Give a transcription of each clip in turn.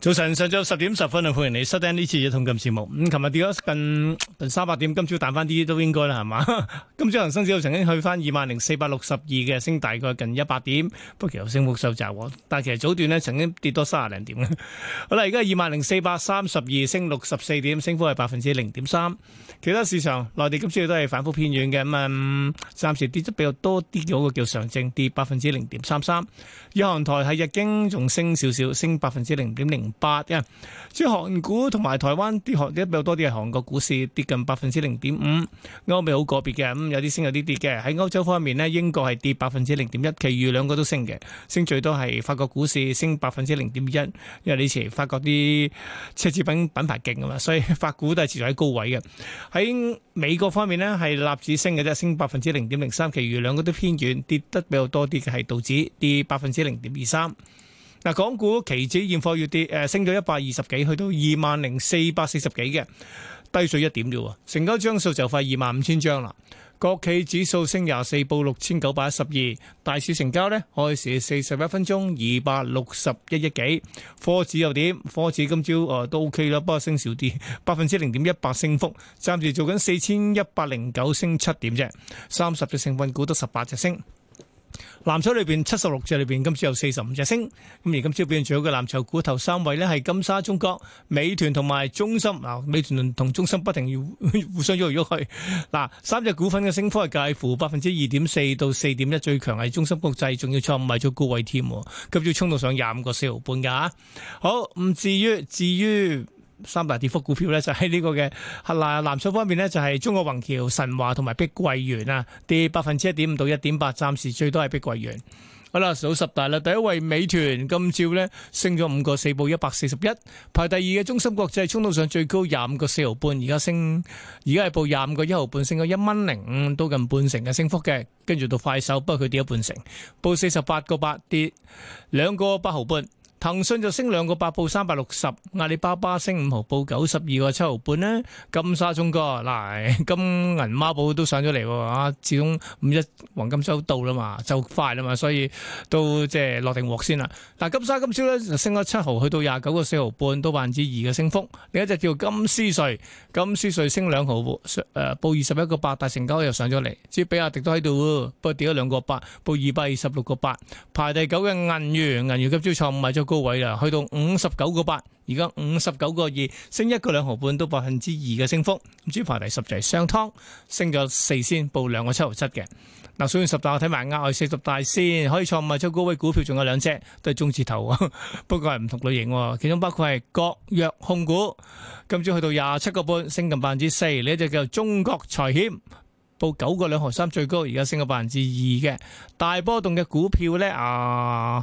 早晨，上晝十點十分就歡迎你收聽呢次嘅《通金節目》。咁琴日跌咗近三百點，今朝彈翻啲都應該啦，係嘛？今朝恒生指數曾經去翻二萬零四百六十二嘅，升大概近一百點，不過又升幅收窄。但係其實早段咧，曾經跌多三十零點嘅。好啦，而家二萬零四百三十二，升六十四點，升幅係百分之零點三。其他市場，內地今朝都係反覆偏軟嘅咁啊，暫時跌得比較多啲嘅叫上證，跌百分之零點三三。日韓台係日經仲升少少，升百分之零點零。八嘅，即韓國同埋台灣跌,跌,跌,跌，跌得比較多啲係韓國股市跌近百分之零點五，歐美好個別嘅，咁有啲升有啲跌嘅。喺歐洲方面咧，英國係跌百分之零點一，其餘兩個都升嘅，升最多係法國股市升百分之零點一，因為你以前法國啲奢侈品品牌勁啊嘛，所以法股都係持續喺高位嘅。喺美國方面呢係納指升嘅啫，升百分之零點零三，其餘兩個都偏遠，跌得比較多啲嘅係道指跌百分之零點二三。嗱，港股期指現貨月跌，誒、呃、升咗一百二十幾，去到二萬零四百四十幾嘅，低水一點啫喎。成交張數就快二萬五千張啦。國企指數升廿四，報六千九百一十二。大市成交咧，開市四十一分鐘二百六十一億幾。科指又點？科指今朝啊、呃、都 OK 啦，不過升少啲，百分之零點一八升幅。暫時做緊四千一百零九，升七點啫。三十隻成分股得十八隻升。藍籌裏邊七十六隻裏邊，今朝有四十五隻升。咁而今朝表現最好嘅藍籌股頭三位呢，係金沙中國、美團同埋中芯。嗱、啊，美團同中芯不停要互相喐嚟喐去。嗱、啊，三隻股份嘅升幅係介乎百分之二點四到四點一，最強係中芯國際，仲要創埋咗高位添，急、啊、住衝到上廿五個四毫半噶吓、啊。好，唔至於，至於。三大跌幅股票咧就喺呢個嘅，嗱，藍籌方面呢，就係中國宏橋、神華同埋碧桂園啊，跌百分之一點五到一點八，暫時最多係碧桂園。好啦，數十大啦，第一位美團今朝呢，升咗五個四，報一百四十一，排第二嘅中心國際衝到上最高廿五個四毫半，而家升而家係報廿五個一毫半，升咗一蚊零五，都近半成嘅升幅嘅，跟住到快手，不過佢跌咗半成，報四十八個八，跌兩個八毫半。騰訊就升兩個八，報三百六十；阿里巴巴升五毫，報九十二個七毫半呢，金沙中國嗱、哎，金銀孖寶都上咗嚟，始終五一黃金周到啦嘛，就快啦嘛，所以都即係落定鑊先啦。但、啊、金沙今朝咧就升咗七毫，去到廿九個四毫半，都百分之二嘅升幅。另一隻叫金絲瑞，金絲瑞升兩毫，誒，報二十一個八。大成交又上咗嚟，至於比亞迪都喺度，不過跌咗兩個八，報二百二十六個八。排第九嘅銀娛，銀娛今朝創五日高位啦，去到五十九個八，而家五十九個二，升一個兩毫半，到百分之二嘅升幅。今朝排第十就係雙湯，升咗四仙，報兩個七毫七嘅。嗱，所以十大我睇埋啱係十大先可以創賣出高位股票，仲有兩隻都係中字頭，不過係唔同類型。其中包括係國藥控股，今朝去到廿七個半，升近百分之四。呢隻叫中國財險，報九個兩毫三，最高而家升咗百分之二嘅大波動嘅股票咧啊！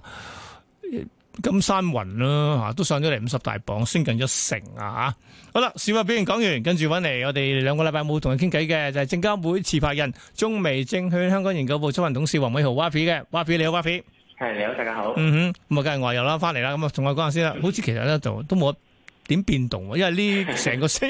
金山雲咯嚇，都上咗嚟五十大榜，升近一成啊！好啦，市話表現講完，跟住揾嚟，我哋兩個禮拜冇同佢傾偈嘅，就係證監會持牌人中微證券香港研究部執行董事黃偉豪 Yapi 嘅 Yapi 你好 Yapi，係你好大家好，嗯哼，咁啊梗係外遊啦，翻嚟啦，咁啊同我講下先啦，好似其實咧就都冇。都點變動？因為呢成個, 個星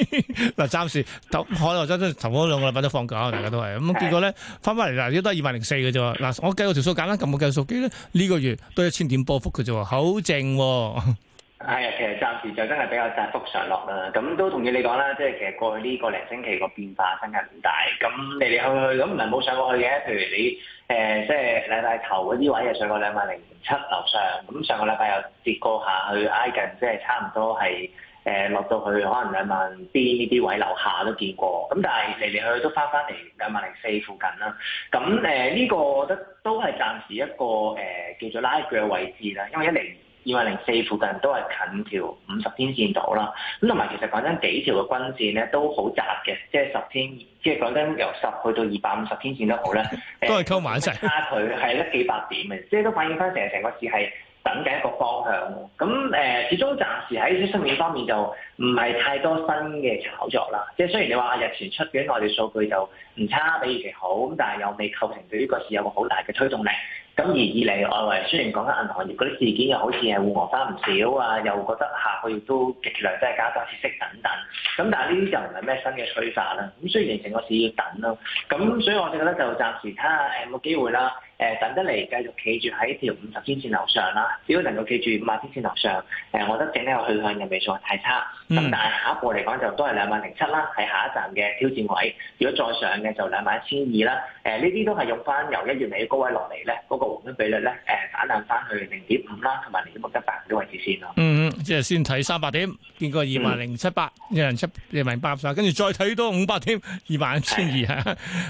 嗱，暫時就海內外都頭嗰兩個禮拜都放假，大家都係咁。結果咧翻翻嚟嗱，都係二萬零四嘅啫。嗱，我計過條數簡單，咁撳個計數機咧，呢個月都有一千點波幅嘅啫，好正喎。係啊，其實暫時就真係比較窄幅上落啦。咁都同意你講啦，即係其實過去呢個零星期個變化真係唔大。咁嚟嚟去去咁唔係冇上過去嘅。譬如你誒、呃，即係禮拜頭嗰啲位又上過兩萬零七樓上。咁上個禮拜又跌過下去挨近，即係差唔多係。誒、呃、落到去可能兩萬邊呢啲位樓下都見過，咁但係嚟嚟去去都翻返嚟兩萬零四附近啦。咁誒呢個，我覺得都係暫時一個誒、呃、叫做拉鋸嘅位置啦，因為一零二萬零四附近都係近條五十天線度啦。咁同埋其實講緊幾條嘅均線咧，都好窄嘅，即係十天，即係講緊由十去到二百五十天線都好咧， 都係溝埋一齊差距係得幾百點嘅，即係都反映翻成成個市係。等嘅一個方向，咁誒、呃，始終暫時喺啲新面方面就唔係太多新嘅炒作啦。即係雖然你話日前出嘅內地數據就唔差，比以期好，咁但係又未構成對於個市有個好大嘅推動力。咁而二嚟外圍雖然講緊銀行業嗰啲事件又好似係互岸差唔少啊，又覺得客戶亦都極量即係加多息息等等。咁但係呢啲就唔係咩新嘅趨勢啦。咁所然形成個市要等咯。咁所以我哋覺得就暫時睇下誒冇機會啦。誒，等得嚟繼續企住喺條五十天線樓上啦，只要能夠企住五十天線樓上，誒，我覺得整體個去向又未算太差。咁但係下一步嚟講就都係兩萬零七啦，係下一站嘅挑戰位。如果再上嘅就兩萬一千二啦。誒，呢啲都係用翻由一月尾高位落嚟咧，嗰個黃金比率咧誒。打兩翻去零點五啦，同埋零點五吉百嘅位置先咯。嗯嗯，即係先睇三百點，見過二萬零七百，一人七二萬八曬，跟住再睇多五百點，二萬一千二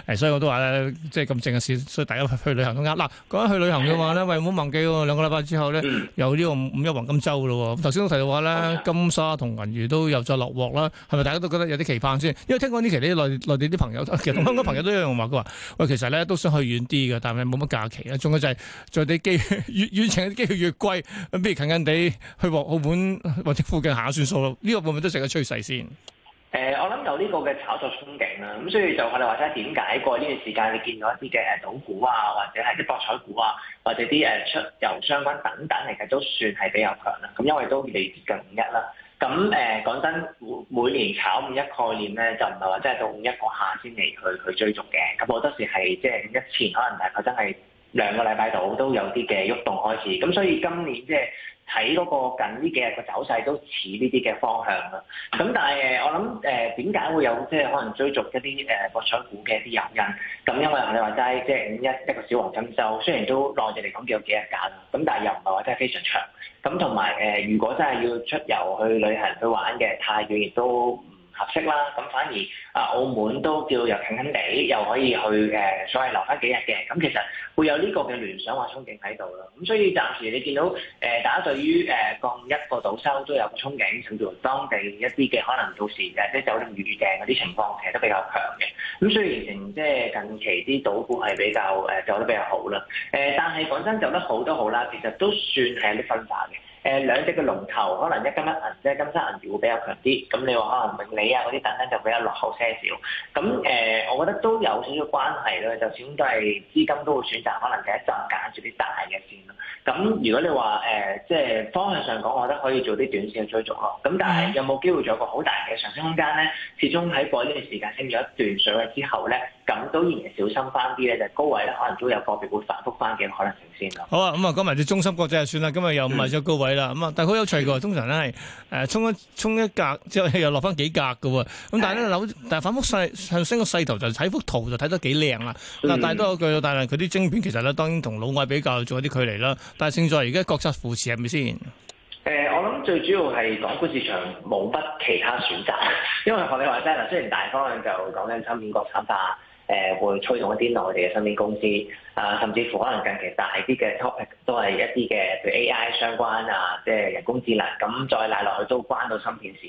嚇。所以我都話咧，即係咁正嘅事。所以大家去旅行都啱。嗱，講去旅行嘅話咧，的喂，唔好忘記喎，兩個禮拜之後咧，嗯、有呢個五一黃金周嘅喎。頭先都提到話咧，的金沙同銀娛都又再落鑊啦。係咪大家都覺得有啲期盼先？因為聽講呢期啲內地啲朋友，其實香港朋友都一樣話，佢話、嗯、喂，其實咧都想去遠啲嘅，但係冇乜假期咧，仲有就係在啲機。越遠程嘅機票越貴，咁不如近近地去往澳門或者附近行下算數咯。呢、這個會唔會都成個趨勢先？誒、呃，我諗有呢個嘅炒作憧憬啦、啊。咁所以就我哋話齋點解過呢段時間你見到一啲嘅誒賭股啊，或者係啲博彩股啊，或者啲誒出遊相關等等其實都算係比較強啦。咁因為都未接近五一啦。咁誒講真，每年炒五一概念咧，就唔係話真係到五一嗰下先嚟去去追逐嘅。咁我當時係即係五一前，可能大概真係。兩個禮拜度都有啲嘅喐動開始，咁所以今年即係睇嗰個近呢幾日嘅走勢都似呢啲嘅方向啦。咁但係我諗誒點解會有即係可能追逐一啲誒、呃、國產股嘅一啲誘因？咁因為我同你話齋，即係五一一個小黃金週，雖然都內地嚟講叫有幾日假，咁但係又唔係話真係非常長。咁同埋誒，如果真係要出遊去旅行去玩嘅，泰國亦都。合適啦，咁反而啊，澳門都叫又近近地，又可以去誒，所謂留翻幾日嘅，咁其實會有呢個嘅聯想或憧憬喺度咯。咁所以暫時你見到誒，大、呃、家對於誒降、呃、一個導修都有個憧憬，甚至乎當地一啲嘅可能到時嘅即係酒店預訂嗰啲情況其實都比較強嘅。咁雖然形成即係近期啲賭股係比較誒走、呃、得比較好啦。誒、呃，但係講真，走得好都好啦，其實都算係啲分化嘅。誒兩隻嘅龍頭，可能一金一銀，即係金沙銀娛會比較強啲。咁你話可能永利啊嗰啲等等就比較落後些少。咁誒、呃，我覺得都有少少關係咯。就始終都係資金都會選擇可能第一站揀住啲大嘅先咯。咁如果你話誒、呃，即係方向上講，我覺得可以做啲短線嘅追逐咯。咁但係有冇機會做一個好大嘅上升空間咧？始終喺過呢段時間升咗一段水位之後咧。咁當然小心翻啲咧，就高位咧可能都有個別會反覆翻嘅可能性先咯。好啊，咁啊，今日啲中心國際就算啦，今日又唔係咗高位啦。咁啊、嗯，但係好有趣喎，通常咧係誒衝一衝一格之後又落翻幾格嘅喎。咁但係咧樓，但係、嗯、反覆勢上升嘅勢頭就睇幅圖就睇得幾靚啦。嗱、嗯，多一句但係佢啲晶片其實咧當然同老外比較仲有啲距離啦。但係勝在而家國產扶持係咪先？誒、呃，我諗最主要係港股市場冇乜其他選擇，因為學你話齋嗱，雖然大方向就講緊產品國產化。誒會推動一啲內地嘅芯片公司，啊甚至乎可能近期大啲嘅 topic 都係一啲嘅，譬如 AI 相關啊，即係人工智能咁再拉落去都關到芯片事。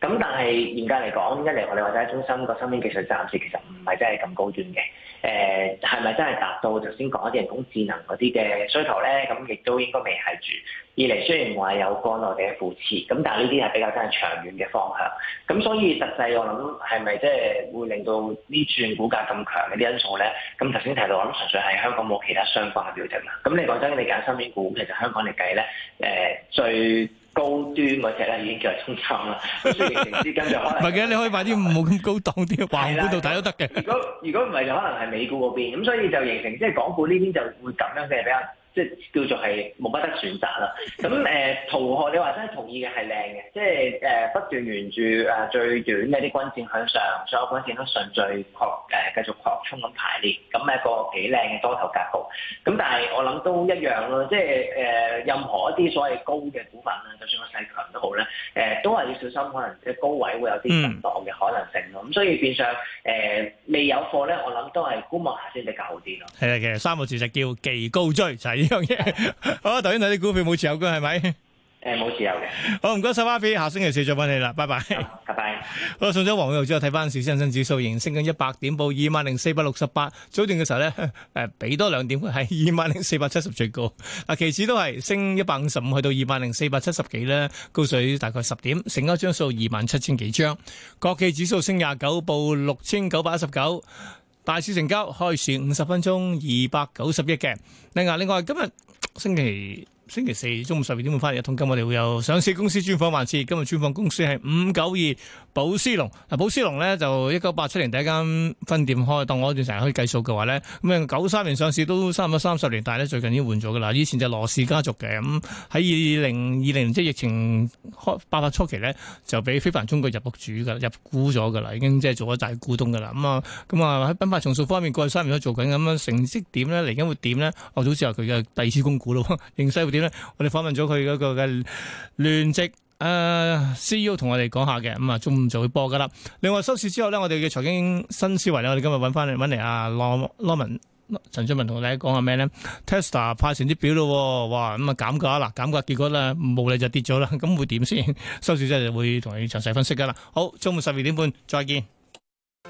咁但係嚴格嚟講，一嚟我哋或者喺中心個芯片技術暫時其實唔係真係咁高端嘅，誒係咪真係達到頭先講一啲人工智能嗰啲嘅需求咧？咁亦都應該未係住。二嚟雖然話有內地嘅扶持，咁但係呢啲係比較真係長遠嘅方向。咁所以實際我諗係咪即係會令到呢轉股價咁強啲因素咧，咁頭先提到，我諗純粹係香港冇其他相關嘅標準啦。咁你講真，你揀身邊股，其實香港嚟計咧，誒、呃、最高端嗰隻咧已經叫係中產啦。咁雖然唔知跟住能，唔係嘅，你可以買啲冇咁高檔啲環股度睇都得嘅。如果如果唔係就可能係美股嗰邊。咁所以就形成即係港股呢邊就會咁樣嘅比較。即係叫做係冇乜得選擇啦。咁誒，同學，你話真係同意嘅係靚嘅，即係誒不斷沿住誒最短嘅啲均線向上，所有均線都順序擴誒繼續擴充咁排列，咁係一個幾靚嘅多頭格局。咁但係我諗都一樣咯，即係誒任何一啲所謂高嘅股份咧，就算個勢強都好咧，誒都係要小心，可能嘅高位會有啲震盪嘅可能性咯。咁、嗯、所以變相誒未有貨咧，我諗都係觀望下先比較好啲咯。係啊，其實三個字就叫忌高追仔。就係呢樣嘢， 嗯、好，頭先睇啲股票冇持有嘅係咪？誒，冇持有嘅。好，唔該晒，阿 B，下星期四再問你啦，拜拜。好，拜，拜。好，送咗黃玉之後，睇翻恒生指數，仍升緊一百點，報二萬零四百六十八。早段嘅時候呢，誒，俾多兩點，會係二萬零四百七十最高。啊，其次都係升一百五十五，去到二萬零四百七十幾咧，高水大概十點，成交張數二萬七千幾張。國企指數升廿九，報六千九百一十九。大市成交開市五十分鐘二百九十億嘅。另外，另外今日星期。星期四中午十二點會翻嚟，一通今我哋會有上市公司專訪還，環節今日專訪公司係五九二堡獅龍。嗱，堡獅龍呢就一九八七年第一間分店開，當我段時間可以計數嘅話呢，咁啊九三年上市都三十三十年，但係咧最近已經換咗㗎啦。以前就羅氏家族嘅咁，喺二零二零即係疫情開爆發初期呢，就俾非凡中國入主㗎，入股咗㗎啦，已經即係做咗大股東㗎啦。咁啊咁啊喺品牌重塑方面過去三年都做緊，咁樣成績點呢？嚟緊會點呢？我、哦、早知話佢嘅第二次公股咯，我哋訪問咗佢嗰個嘅聯席誒 CEO 同我哋講下嘅，咁啊中午就會播噶啦。另外收市之後咧，我哋嘅財經新思維咧，我哋今日揾翻嚟揾嚟阿 Law 陳俊文同大家講下咩咧？Tesla 派成績表咯，哇咁啊減價啦，減價結果咧冇理就跌咗啦，咁會點先？收市之後就會同你詳細分析噶啦。好，中午十二點半再見。